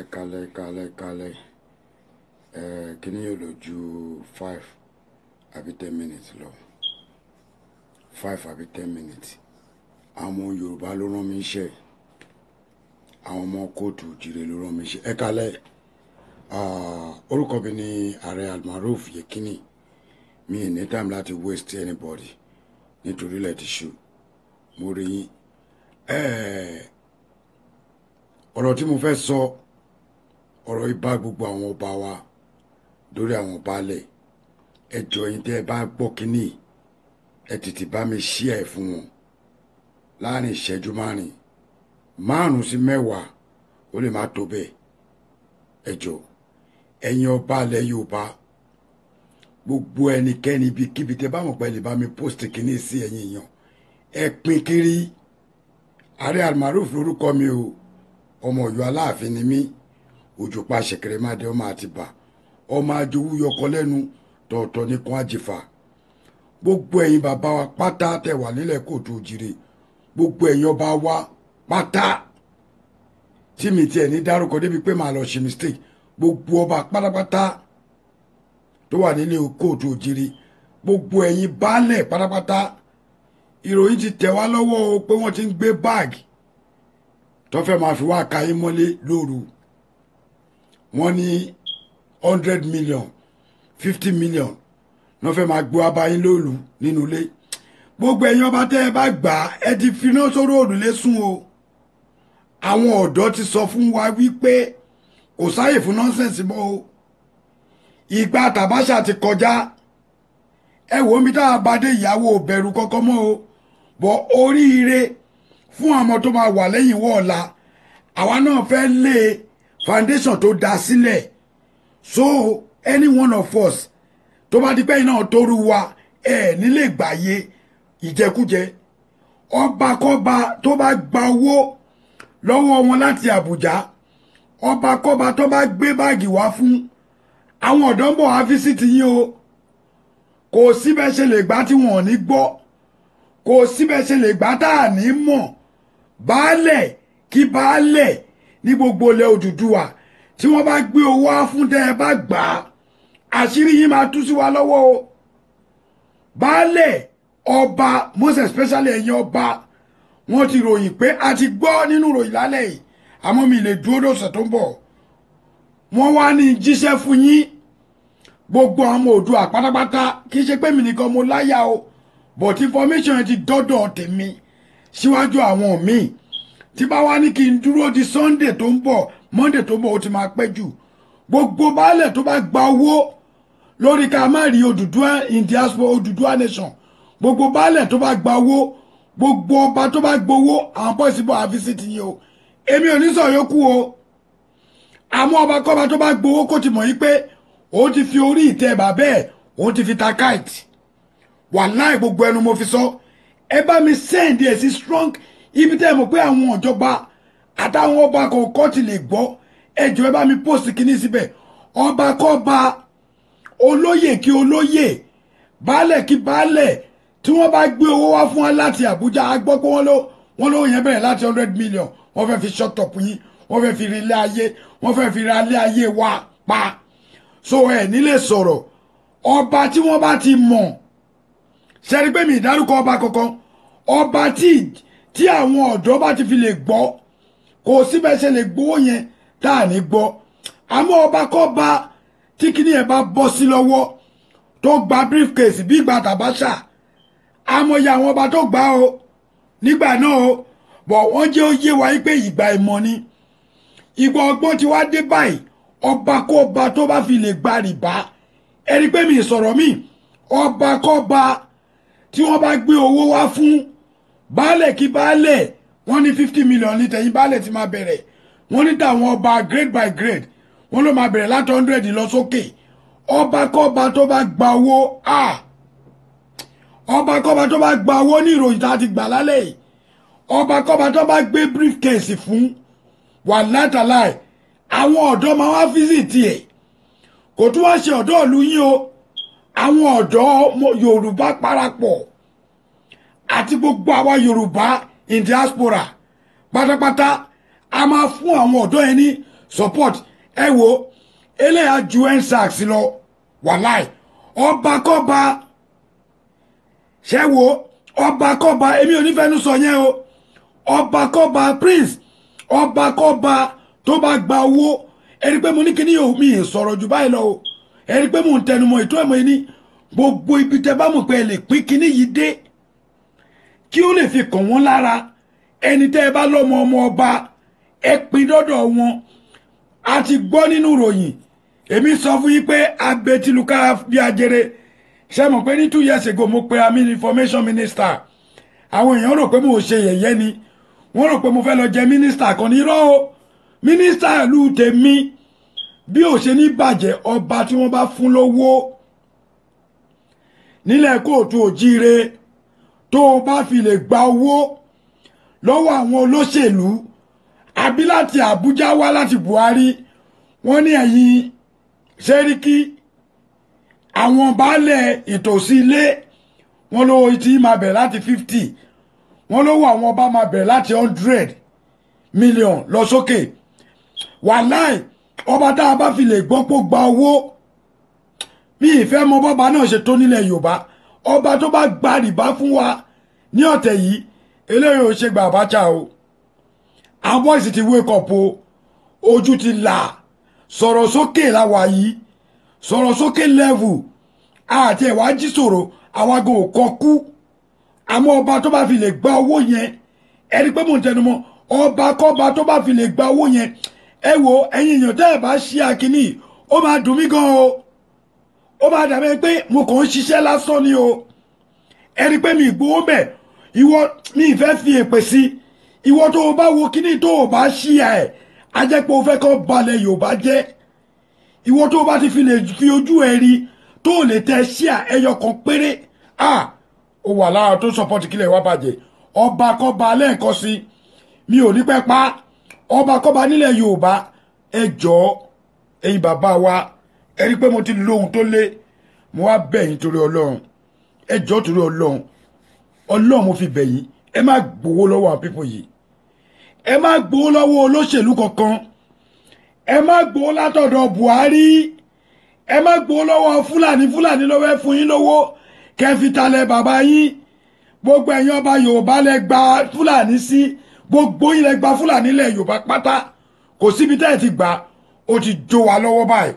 ẹ kalẹ̀ kalẹ̀ kalẹ̀ um kíní yóò ju five abi ten minutes lọ five abi ten minutes àwọn Yorùbá ló rán mi iṣẹ́ àwọn ọmọ kóòtù jire ló rán mi iṣẹ́ ẹ kalẹ̀ orúkọ mi ni ààrẹ Almaroof Yekini mi ì ní time láti waste anybody nítorí ilẹ̀ ti ṣú mo rí yín ọ̀rọ̀ tí mo fẹ́ sọ. So, ọ̀rọ̀ yìí bá gbogbo àwọn ọba wa lórí àwọn baálẹ̀ ẹ jọ yín tẹ́ ẹ bá gbọ́ kínní ẹ tètè bá mi ṣí ẹ̀ fún wọn láàrin ìṣẹ́jú márùn márùn sí mẹ́wàá ó lè má tó bẹ́ẹ̀ ẹ jọ ẹ̀yin ọba alẹ́ Yorùbá gbogbo ẹnikẹ́ni ibikíbi tẹ́ bá mọ̀ pé lè bá mi post kínní sí ẹ̀yin èèyàn ẹ pín kiri ààrẹ almaroof lórúkọ mi o ọmọ Ọ̀yọ́ Aláàfin ni mí òjò pa ṣẹ̀kẹ̀rẹ̀ má dé ọmọ àtìbà ọmọ àjòwú yọkọ lẹ́nu tọ̀ọ̀tọ̀ nìkan àjìfà gbogbo ẹ̀yin bàbá wa pátá tẹ̀ wà nílẹ̀ kóòtù òjìrè gbogbo ẹ̀yin ọba wa pátá tí mi tiẹ̀ ní dárúkọ débi pé màá lọ ṣe mistake gbogbo ọba pátápátá tó wà nílé kóòtù òjìrè gbogbo ẹ̀yin baálẹ̀ pátápátá ìròyìn ti tẹ̀ wá lọ́wọ́ o pé wọ́n ti ń gbé báàgì tó fẹ́ máa fi wá ka yín mọ́lé lóru wọ́n ní hundred million fifty million wọ́n fẹ́ máa gbó abayín lóòlù nínú ilé gbogbo ẹ̀yin ọba tẹ́ ẹ bá gbà á ẹ ti finá sórí òrùlé sùn o àwọn ọ̀dọ́ ti sọ fún wa wípé kò sáyè fún nọ́ńsẹ̀nsì mọ́ o ìgbà tàbáṣà ti kọjá ẹ wò ó mi tá a bá dé ìyàwó bẹ̀rù kọ́kọ́ mọ́ o bọ̀ oríire fún àwọn tó máa wà lẹ́yìn wọ́ọ̀la àwa náà fẹ́ lé e foundation tó dá sílẹ̀ so any one of us tó bá di pẹ́yìn náà torú wa ẹ̀ nílé gbàyè ìjẹkújẹ ọbakọba tó bá gba owó lọ́wọ́ wọn láti Àbújá ọbakọba tó bá gbé báàgì wá fún àwọn ọ̀dọ́ ń bọ̀ wá fíṣítì yín o kò síbẹ̀ ṣe lè gbá tí wọn ò ní gbọ́ kò síbẹ̀ ṣe lè gbá tá à ní mọ̀ baálẹ̀ kí baálẹ̀ ní gbogbo ilẹ̀ Odùduwà tí wọ́n bá gbé owó afúndẹ́ ẹ bá gbà á àṣírí yìí máa tú sí wa lọ́wọ́ o baálẹ̀ ọba most especially ẹ̀yin ọba wọ́n ti ròyìn pé a ti gbọ́ nínú ròyìn lálẹ́ yìí àmọ́ mi lè dúró lọ́sẹ̀ tó ń bọ̀ wọ́n wá ní jíṣẹ́ fún yín gbogbo àwọn ọmọ Oòduà kì í ṣe pé mi nìkan mo láyà o but information ti dọ́dọ̀ tèmi síwájú àwọn míì tí bá wá ní kí n dúró di sunday tó ń bọ̀ monday tó ń bọ̀ ó ti máa pẹ́ jù gbogbo baálẹ̀ tó bá gba owó lórí ká má rí Odùduwà in diaspora Odùduwà nation gbogbo baálẹ̀ tó bá gba owó gbogbo ọba tó bá gbowó àwọn bọ́ọ̀sì bọ̀ àfisí ti yín o èmi ò ní sọ yókù o àmọ́ ọba kọ́ba tó bá gbowó kó ti mọ̀ yí pé òun ti fi orí ìtẹ́ bàbá ẹ̀ òun ti fi ta kite wàláì gbogbo ẹnu mo fi sọ ẹ bá mi send ẹ sí strong ibi tẹ́ ẹ mọ̀ pé àwọn ìjọba àtàwọn ọba kọ̀ọ̀kan ti lè gbọ́ ẹjọ́ ẹ bá mi post kínní síbẹ̀ ọba kọ́ba olóyè kí olóyè baálẹ̀ kí baálẹ̀ tí wọ́n bá gbé owó wá fún wa láti Àbújá a gbọ́ pé wọ́n ló wọ́n ló yẹn bẹ̀rẹ̀ láti hundred million wọ́n fẹ́ fi ṣọ́tọ̀pù yín wọ́n fẹ́ fi rin ilé ayé wọ́n fẹ́ fi ra ilé ayé wa pa so ẹ̀ nílé sọ̀rọ̀ ọba tí wọ́n bá ti mọ̀ ṣẹ́rí pé mi ìdárúkọ ọba kankan ọba tí tí àwọn ọ̀dọ́ bá ti fi lè gbọ́ kò síbẹ̀ ṣe lè gbowó yẹn tá à ní gbọ́ àmọ́ ọba kọ́ ba tí kinní yẹn bá bọ́ sí lọ́wọ́ tó gba briefcase bí ìgbà tàbáṣà àmọye àwọn ọba tó gbà o nígbà náà o bọ̀ wọ́n jẹ́ ó yé wa pé ìgbà ìmọ̀ ni ìgbà ọgbọ́n ti wá dé báyìí ọba kọ́ ọba tó bá fi lè gba rìbá ẹni pé mi sọ̀rọ̀ mi ọba kọ́ ọba tí wọ́n bá gbé owó wá fún baálẹ̀ kí baálẹ̀ wọ́n ní fifty million ní tẹ̀yìn baálẹ̀ ti máa bẹ̀rẹ̀ wọ́n ní tàwọn ọba grade by grade wọ́n ló máa bẹ̀rẹ̀ láti hundred lọ sókè ọba kọ́ba tó bá gba owó a ọba kọ́ba tó bá gba owó ní ìròyìn tá a ti gbà lálẹ́ yìí ọba kọ́ba tó bá gbé brief case fún wà látàláì àwọn ọ̀dọ́ máa wá fíìsìtì ẹ̀ kò tún wá ṣe ọ̀dọ́ ìlú yín o àwọn ọ̀dọ́ Yorùbá parapọ̀ àti gbogbo àwa yorùbá in diaspora pátápátá a máa fún àwọn ọ̀dọ́ yẹn ní support ẹ wo eléyà ju ensax lọ wàláì ọba kọba ṣẹ wo ọba kọba èmi ò nífẹ̀ẹ́ nu sọ yẹn o ọba kọba prince ọba kọba tó bá gba owó ẹni pé mo ní kíní yòó mi ì sọ̀rọ̀ jù báyìí lọ o ẹni pé mo ń tẹnumọ́ ètò ẹ̀mọ́ yìí ní gbogbo ibi tẹ bá mọ̀ pé ẹ lè pín kíní yìí dé kí ó lè fi kàn wọ́n lára ẹni tẹ́ ẹ bá lọ́mọ ọmọ ọba ẹ pin dọ́dọ̀ wọn a ti gbọ́ nínú ìròyìn èmi sọ fún yín pé abetiluka bí ajere ṣe mọ̀ pé ní two years ago mo pe amin information minister àwọn èèyàn rò pé mo ṣe yẹ̀yẹ́ ni wọ́n rò pé mo fẹ́ lọ jẹ minister kan ní o minister ìlú tèmi bí ò ṣe ní bàjẹ́ ọba tí wọ́n bá fún lówó nílẹ̀ kóòtù òjíire tó o bá fi lè gba owó lọ́wọ́ àwọn olóṣèlú àbí láti Àbújá wá láti Buhari wọ́n ní ẹ̀yìn Sẹ́ríkì àwọn baálẹ̀ ìtòsí ilé wọ́n lówó tí máa bẹ̀rẹ̀ láti fifty wọ́n lówó àwọn ọba máa bẹ̀rẹ̀ láti hundred million lọ sókè wàláì ọba tá a bá fi lè gbọ́ pò gba owó mi ìfẹ́ mọ bọ́ba náà ṣe tó nílẹ̀ Yorùbá ọba tó bá gba rìbá fún wa ní ọ̀tẹ̀ yìí eléyìí ò ṣe gba Abacha o àwọn ìsìn ti wake up o ojú ti là sọ̀rọ̀ sókè láwa yìí sọ̀rọ̀ sókè level àti ẹ̀wá jí sọ̀rọ̀ àwago kọ kú àmọ́ ọba tó bá fi lè gba owó yẹn ẹni pé mò ń tẹnumọ́ ọba kọ́ba tó bá fi lè gba owó yẹn ẹ wo ẹ̀yin èèyàn tẹ́ ẹ̀ bá ṣí akínní ó máa dùn mí gan o ó máa dàbẹ́ pé mo kàn ń ṣiṣẹ́ lásán ni o ẹni pé mi ìgbówó bẹ̀ ìwọ mi ìfẹ́ fi èpè sí ìwọ tó o bá wo kíní tó o bá ṣí ẹ̀ á jẹ́ pé o fẹ́ kọ́ balẹ̀ Yorùbá jẹ́ ìwọ tó o bá ti fi lè fi ojú ẹ̀ rí tó o lè tẹ ṣí à ẹyọ kan péré à ó wà lára tó sọpọ́tì kílẹ̀ wá bàjẹ́ ọba kọba lẹ́ẹ̀kan sí mi ò ní pẹ́ pa ọba kọba nílẹ̀ Yorùbá ẹ jọ̀ọ́ ẹ̀yin bàbá wa ẹ rí i pé mo ti lo ohun tó lé mo wá bẹ̀ yín torí ọlọ́run ẹ jọ̀ọ́ torí ọlọ́run ọlọ́run mo fi bẹ̀ yín ẹ má gbowó lọ́wọ́ àwọn pípọ̀ yìí ẹ má gbowó lọ́wọ́ olóṣèlú kankan ẹ má gbowó látọ̀dọ̀ Buhari ẹ má gbowó lọ́wọ́ Fúlàní Fúlàní lọ́wọ́ ẹ fún yín lówó kẹfì talẹ̀ bàbá yín gbogbo ẹ̀yin ọba Yorùbá lẹ gba Fúlàní sí gbogbo yín lẹ gba Fúlàní lẹ Yorùbá pátá kò síbi tẹ́ ẹ ti gbà ó ti jó wa lọ́wọ́ báyìí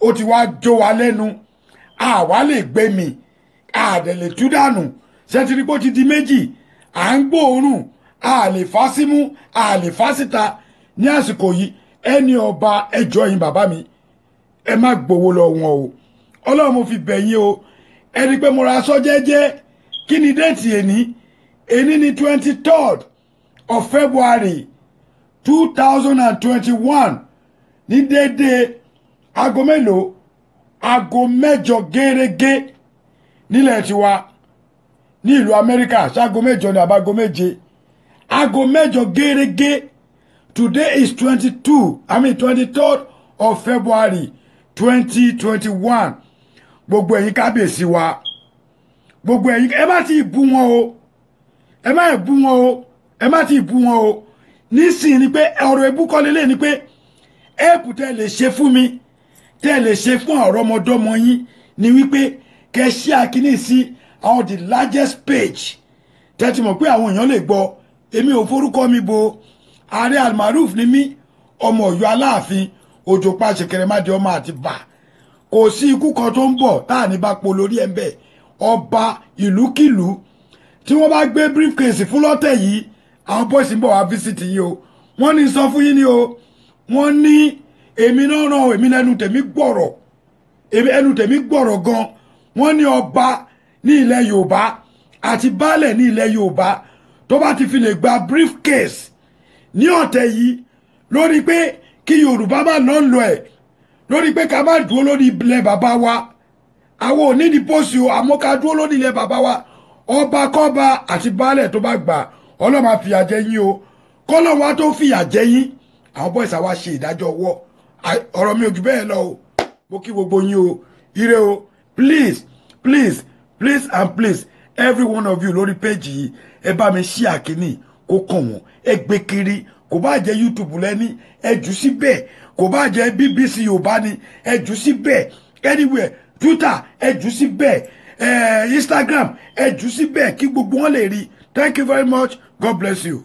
ó ti wá jó wa lẹ́nu àwa lè gbé mi àdẹ̀lẹ̀ tú dànù ṣẹ́tìrìpó ti di méjì à ń gbóòórùn a lè fà símú a lè fà síta ní àsìkò yìí ẹni ọba ẹjọ́ yín bàbá mi ẹ má gbowó lọ wọn o ọlọ́run mo fi bẹ̀ yín o ẹni pé mo ra aṣọ jẹ́jẹ́ kí ni déètì èní èní ni twenty third of February two thousand and twenty one ní déédéé aago mélòó aago mẹ́jọ gẹ́rẹ́gẹ́ nílẹ̀ tiwa ní ìlú amẹ́ríkà ṣaago mẹ́jọ ní àbágo méje aago mẹ́jọ gẹ́rẹ́gẹ́ today is twenty two i mean twenty third of february twenty twenty one gbogbo ẹ̀yin kábíyèsí wa gbogbo ẹ̀yin ẹ má ti bú wọn o ẹ má bú wọn o ẹ má ti bú wọn o nísìnyí ni pé ọ̀rọ̀ ebúkọ́lélẹ́ ni pé ẹ̀ẹ́pù tẹ́ lè ṣe fún mi tẹ́ ẹ lè ṣe fún àwọn ọmọdọ́mọ yín ni wípé kẹ́ ẹ ṣí akíní sí àwọn the largest page tẹ́ ti mọ̀ pé àwọn èèyàn lè gbọ́ èmi ò forúkọ mi bo ààrẹ almaroof ni mí ọmọ Ọ̀yọ́ Aláàfin òjò pa ṣèkèrèmádìí ọmọ àti bà kò sí ikú kan tó ń bọ̀ tá à ní bá po lórí ẹ̀ ń bẹ̀ ọba ìlúkìlú tí wọ́n bá gbé briefcase fún lọ́tẹ̀ yìí àwọn bọ́ọ̀sì ń bọ̀ wá visit yìí o wọ́n ní sọ fún yín ni o wọ́n ní èmi náà ràn èmi lẹ́nu tèmi gbọ̀rọ̀ èmi ẹnu tèmi gbọ̀rọ̀ gan wọ́n ní ọba ní ilẹ̀ yorùbá àti baálẹ̀ ní ilẹ̀ yorùbá tó bá ti fi lè gba brief case ní ọ̀tẹ̀ yìí lórí pé kí yorùbá má lọ lọ ẹ̀ lórí pé ká má dúró lórí ilẹ̀ bàbá wa àwọn ò ní ní o àmọ́ ká dúró lórí ilẹ̀ bàbá wa ọba kọ́ba àti baálẹ̀ tó bá gbà ọlọ́mà fìyà jẹ yín o kọ́lọ́wà tó fìyà jẹ yín àwọn bọ́ìsà wa ṣe ìdájọ́ wọ́ọ̀ ọ̀rọ̀ mi ò jù bẹ́ẹ̀ lọ o mo kí gbogbo yín o ire o please please please and please every one of you lórí péjì yìí ẹ bá mi ṣí àkíní kó kàn wọ́n ẹ gbé kiri kò bá jẹ́ youtube lẹ́ni ẹ jù síbẹ̀ kò bá jẹ́ bbc yorùbá ni ẹ jù síbẹ̀ anywhere twitter ẹ jù síbẹ̀ ẹ eh, instagram ẹ jù síbẹ̀ kí gbogbo wọn lè rí thank you very much god bless you.